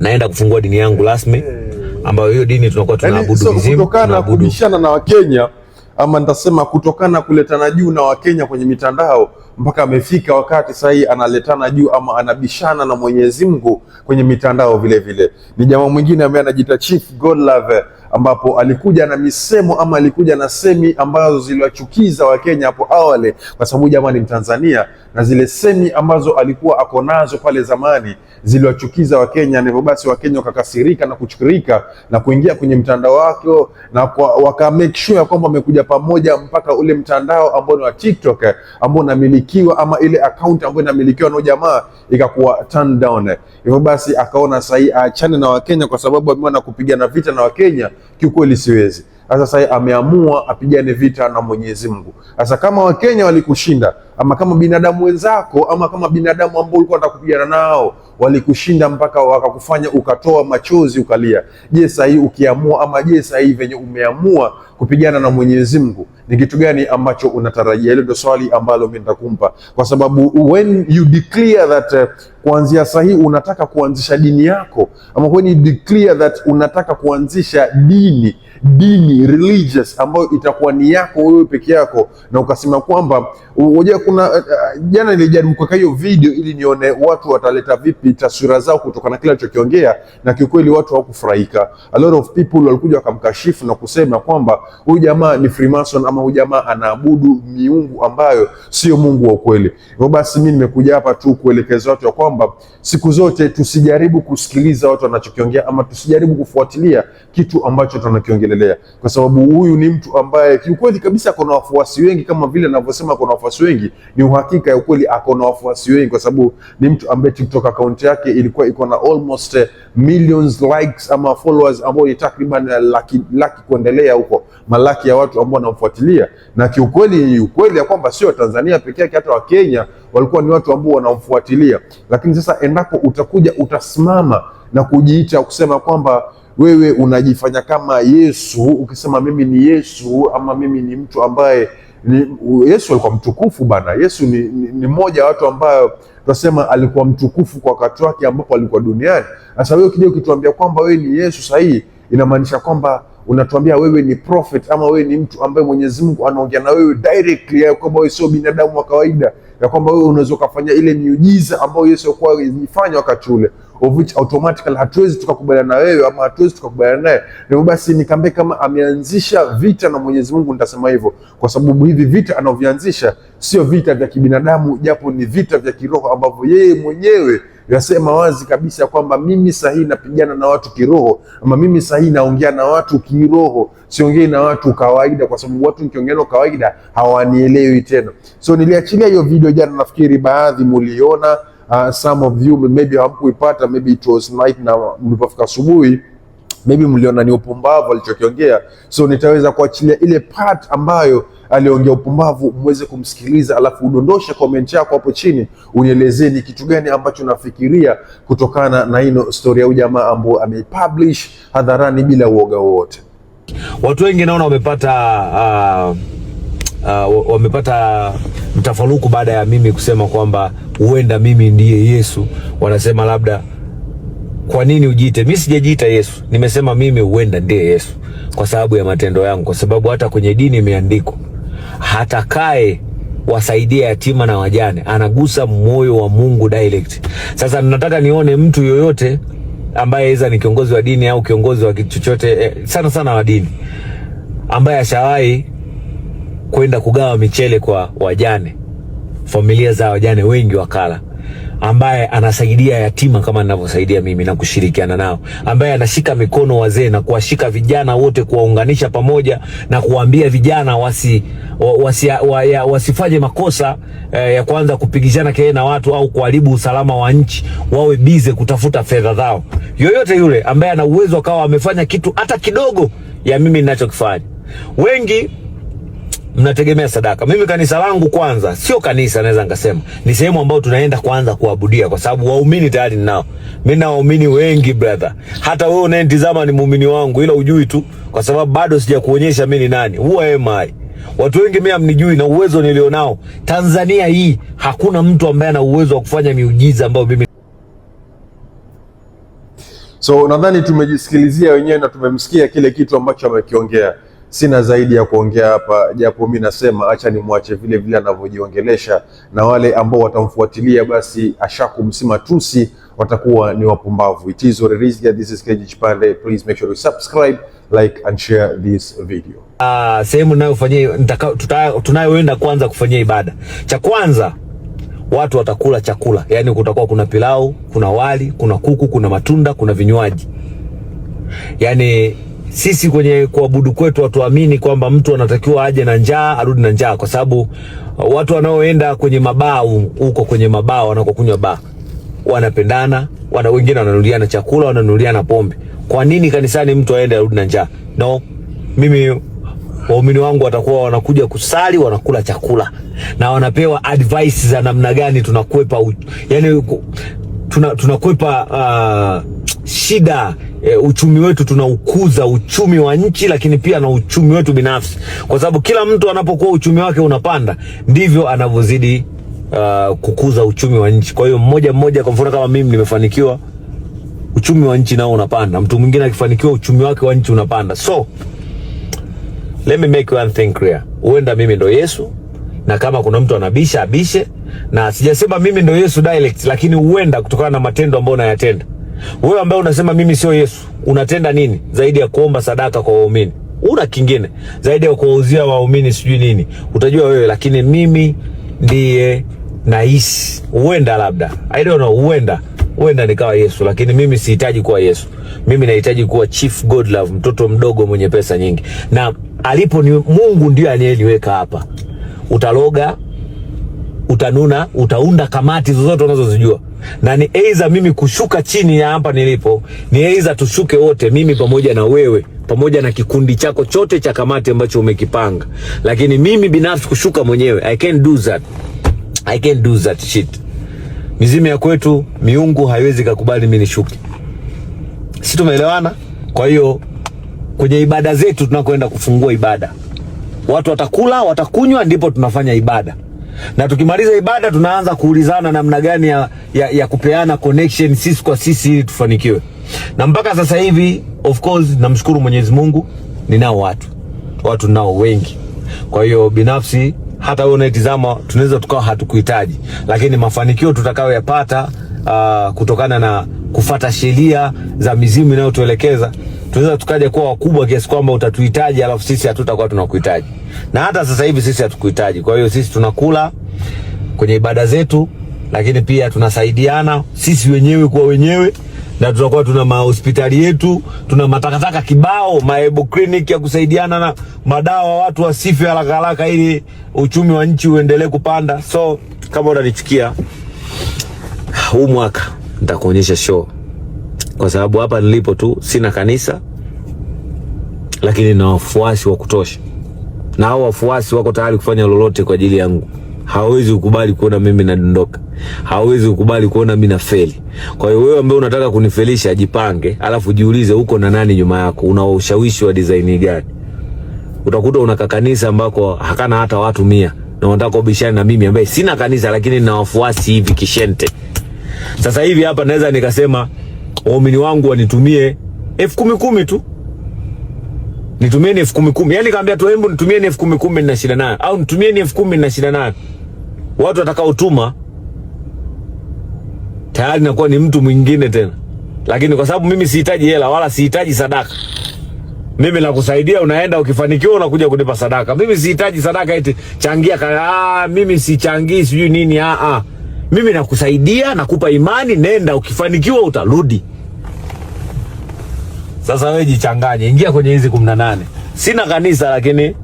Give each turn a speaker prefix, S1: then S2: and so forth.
S1: naenda kufungua dini yangu rasmi ambayo hiyo dini tunakuwa yaani, tunaabudu
S2: so, mizimu kutokana na kubishana na Wakenya ama nitasema kutokana kuletana juu na Wakenya kwenye mitandao mpaka amefika wakati sahihi analetana juu ama anabishana na Mwenyezi Mungu kwenye mitandao vilevile. Ni jamaa mwingine ambaye anajiita Chief Godlove ambapo alikuja na misemo ama alikuja na semi ambazo ziliwachukiza Wakenya hapo awali, kwa sababu jamaa ni Mtanzania na zile semi ambazo alikuwa ako nazo pale zamani ziliwachukiza Wakenya, na hivyo basi Wakenya wakakasirika na kuchukirika na kuingia kwenye mtandao wake na kwa, waka make sure kwamba wamekuja pamoja mpaka ule mtandao ambao ni wa TikTok ambao unamilikiwa ama ile account ambayo inamilikiwa na jamaa ikakuwa turn down. Hivyo basi akaona sahi aachane na Wakenya kwa sababu ameona kupigana vita na Wakenya kiukweli siwezi. Sasa ameamua apigane vita na Mwenyezi Mungu. Sasa kama Wakenya walikushinda, ama kama binadamu wenzako, ama kama binadamu ambao ulikuwa unataka kupigana nao walikushinda mpaka wakakufanya ukatoa machozi ukalia, je, sahii ukiamua ama je, sahii venye umeamua kupigana na Mwenyezi Mungu ni kitu gani ambacho unatarajia? Hilo ndio swali ambalo mimi nitakumpa, kwa sababu when you declare that uh, kuanzia sahihi unataka kuanzisha dini yako, ama when you declare that unataka kuanzisha dini dini religious ambayo itakuwa ni yako wewe peke yako, na ukasema kwamba unajua, kuna uh, nilijaribu kuweka hiyo video ili nione watu wataleta vipi taswira zao kutokana na kile alichokiongea, na kiukweli watu hawakufurahika. A lot of people walikuja wakamkashifu na kusema kwamba huyu jamaa ni Freemason ama huyu jamaa anaabudu miungu ambayo sio Mungu wa ukweli. Hivyo basi mimi nimekuja hapa tu kuelekeza watu ya kwamba siku zote tusijaribu kusikiliza watu wanachokiongea ama tusijaribu kufuatilia kitu ambacho tunakiongelelea, kwa sababu huyu ni mtu ambaye kiukweli kabisa ako na wafuasi wengi, kama vile anavyosema ako na wafuasi wengi. Ni uhakika ya ukweli ako na wafuasi wengi, kwa sababu ni mtu ambaye TikTok akaunti yake ilikuwa iko na almost eh, millions likes ama followers ambao ni takriban laki, laki kuendelea huko, malaki ya watu ambao wanamfuatilia, na kiukweli ni ukweli ya kwamba sio Tanzania peke yake, hata Wakenya walikuwa ni watu ambao wanamfuatilia. Lakini sasa endapo utakuja utasimama na kujiita kusema kwamba wewe unajifanya kama Yesu, ukisema mimi ni Yesu ama mimi ni mtu ambaye ni Yesu alikuwa mtukufu bana. Yesu ni, ni, ni mmoja ya watu ambayo tunasema alikuwa mtukufu kwa wakati wake ambapo alikuwa duniani. Sasa wewe ukija ukituambia kwamba wewe ni Yesu sahihi, inamaanisha kwamba unatuambia wewe ni prophet ama wewe ni mtu ambaye Mwenyezi Mungu anaongea na wewe directly, ya kwamba wewe sio binadamu wa kawaida, ya kwamba wewe unaweza ukafanya ile miujiza ambayo Yesu alikuwa ifanya wakati ule of which automatically hatuwezi tukakubaliana na wewe ama hatuwezi tukakubaliana naye. Ndio basi nikambe kama ameanzisha vita na Mwenyezi Mungu, nitasema hivyo kwa sababu hivi vita anavyoanzisha sio vita vya kibinadamu, japo ni vita vya kiroho ambavyo yeye mwenyewe yasema wazi kabisa ya kwamba mimi sahii napigana na watu kiroho, ama mimi sahii naongea na watu kiroho, siongei na watu kawaida, kwa sababu watu nikiongea nao kawaida hawanielewi tena. So niliachilia hiyo video jana, nafikiri baadhi muliona uh, some of you maybe hamkuipata, maybe it was night na mlipofika asubuhi maybe mliona ni upumbavu alichokiongea, so nitaweza kuachilia ile part ambayo aliongea upumbavu, mweze kumsikiliza, alafu udondoshe comment yako hapo chini, unielezee ni kitu gani ambacho unafikiria kutokana na ino story ya ujamaa ambao amepublish hadharani bila uoga wowote.
S1: Watu wengi naona wamepata uh uh, wamepata mtafaruku baada ya mimi kusema kwamba huenda mimi ndiye Yesu. Wanasema labda kwa nini ujiite? Mimi sijajiita Yesu, nimesema mimi huenda ndiye Yesu kwa sababu ya matendo yangu, kwa sababu hata kwenye dini imeandikwa, kae wasaidia yatima na wajane anagusa moyo wa Mungu direct. Sasa nataka nione mtu yoyote ambaye iza ni kiongozi wa dini au kiongozi wa kitu chochote, eh, sana sana wa dini ambaye ashawahi kwenda kugawa michele kwa wajane, familia za wajane wengi wakala, ambaye anasaidia yatima kama ninavyosaidia mimi na kushirikiana nao, ambaye anashika mikono wazee na kuwashika vijana wote kuwaunganisha pamoja na kuwaambia vijana wasi, wasi, wasi, wasifanye makosa eh, ya kuanza kupigishana kelele na watu au kuharibu usalama wa nchi, wawe bize kutafuta fedha zao. Yoyote yule ambaye ana uwezo akawa amefanya kitu hata kidogo ya mimi ninachokifanya, wengi mnategemea sadaka. Mimi kanisa langu kwanza, sio kanisa, naweza nikasema ni sehemu ambayo tunaenda kwanza kuabudia, kwa sababu waumini tayari ninao. Mimi na waumini wengi brother, hata wewe unayenitazama ni muumini wangu, ila ujui tu, kwa sababu bado sijakuonyesha mimi ni nani. Who am I? Watu wengi mimi hamnijui, na uwezo nilionao Tanzania hii hakuna mtu ambaye ana uwezo wa kufanya miujiza ambayo mimi
S2: So nadhani tumejisikilizia wenyewe na tumemsikia kile kitu ambacho amekiongea. Sina zaidi ya kuongea hapa, japo mi nasema acha nimwache vile vile anavyojiongelesha, na wale ambao watamfuatilia basi msima tusi watakuwa ni wapumbavu. It is what it is. This is KG Chipande. Please make sure you subscribe, like and share this video.
S1: Ah, sehemu ninayofanyia tunayoenda kwanza kufanyia ibada, cha kwanza watu watakula chakula, yaani kutakuwa kuna pilau, kuna wali, kuna kuku, kuna matunda, kuna vinywaji, yaani sisi kwenye kuabudu kwetu hatuamini kwamba mtu anatakiwa aje na njaa arudi na njaa, kwa sababu watu wanaoenda kwenye mabao huko kwenye mabao wanakokunywa ba wanapendana, wana wengine wananuliana chakula, wananuliana pombe. Kwa nini kanisani mtu aende arudi na njaa? No, mimi waumini wangu watakuwa wanakuja kusali, wanakula chakula na wanapewa advice za namna gani tunakwepa, yani tunakwepa uh, shida e, uchumi wetu tunaukuza, uchumi wa nchi, lakini pia na uchumi wetu binafsi, kwa sababu kila mtu anapokuwa uchumi wake unapanda ndivyo anavyozidi uh, kukuza uchumi wa nchi. Kwa hiyo mmoja mmoja, kwa mfano kama mimi nimefanikiwa, uchumi wa nchi nao unapanda. Mtu mwingine akifanikiwa, uchumi wake wa nchi unapanda. So let me make one thing clear, huenda mimi ndo Yesu, na kama kuna mtu anabisha abishe, na sijasema mimi ndo Yesu direct, lakini huenda kutokana na matendo ambayo nayatenda wewe ambaye unasema mimi sio Yesu, unatenda nini zaidi ya kuomba sadaka kwa waumini? Una kingine zaidi ya kuwauzia waumini sijui nini? Utajua wewe, lakini mimi ndiye naishi. Huenda labda I don't know, huenda huenda nikawa Yesu, lakini mimi sihitaji kuwa Yesu. Mimi nahitaji kuwa Chief Godlove, mtoto mdogo mwenye pesa nyingi, na alipo ni Mungu, ndio aliyeniweka hapa. Utaloga utanuna, utaunda kamati zozote unazozijua, na ni aidha mimi kushuka chini ya hapa nilipo, ni aidha tushuke wote, mimi pamoja na wewe pamoja na kikundi chako chote cha kamati ambacho umekipanga, lakini mimi binafsi kushuka mwenyewe, I can't do that, I can't do that shit. Mizimu ya kwetu miungu haiwezi kukubali mimi nishuke, si tumeelewana? Kwa hiyo kwenye ibada zetu tunakoenda kufungua ibada, watu watakula watakunywa, ndipo tunafanya ibada na tukimaliza ibada tunaanza kuulizana namna gani ya, ya, ya kupeana connection sisi kwa sisi ili tufanikiwe. Na mpaka sasa hivi of course namshukuru Mwenyezi Mungu ninao watu watu nao wengi. Kwa hiyo binafsi, hata wewe unaitizama, tunaweza tukawa hatukuhitaji, lakini mafanikio tutakayoyapata uh, kutokana na kufata sheria za mizimu inayotuelekeza tunaweza tukaja kuwa wakubwa kiasi kwamba utatuhitaji, alafu sisi hatutakuwa tunakuhitaji, na hata sasa hivi sisi hatukuhitaji. Kwa hiyo sisi tunakula kwenye ibada zetu, lakini pia tunasaidiana sisi wenyewe kwa wenyewe na tutakuwa tuna mahospitali yetu, tuna matakataka kibao, maebo clinic ya kusaidiana na madawa, watu wasife haraka haraka, ili uchumi wa nchi uendelee kupanda. So kama unanichukia huu mwaka nitakuonyesha show kwa sababu hapa nilipo tu sina kanisa, lakini na wafuasi wa kutosha, na hao wafuasi wako tayari kufanya lolote kwa ajili yangu. Hawezi kukubali kuona mimi nadondoka, hawezi kukubali kuona mimi nafeli. Kwa hiyo wewe ambaye unataka kunifelisha, jipange, alafu jiulize uko na nani nyuma yako, una ushawishi wa design gani? Utakuta una kanisa ambako hakana hata watu mia na unataka ubishane na mimi ambaye sina kanisa, lakini nina wafuasi hivi kishente. Sasa hivi hapa naweza nikasema waumini wangu wanitumie elfu kumi kumi tu, nitumieni elfu kumi kumi. Yani kaambia tu, hebu nitumieni elfu kumi kumi na shida nayo, au nitumieni elfu kumi na shida nayo. Watu watakaotuma tayari nakuwa ni mtu mwingine tena, lakini kwa sababu mimi sihitaji hela wala sihitaji sadaka mimi nakusaidia, unaenda ukifanikiwa, unakuja kunipa sadaka. Mimi sihitaji sadaka, eti changia. kaa, ah, mimi sichangii sijui nini. Aa, ah, ah mimi nakusaidia, nakupa imani, nenda, ukifanikiwa utarudi. Sasa wewe jichanganye, ingia kwenye hizi kumi na nane. Sina kanisa lakini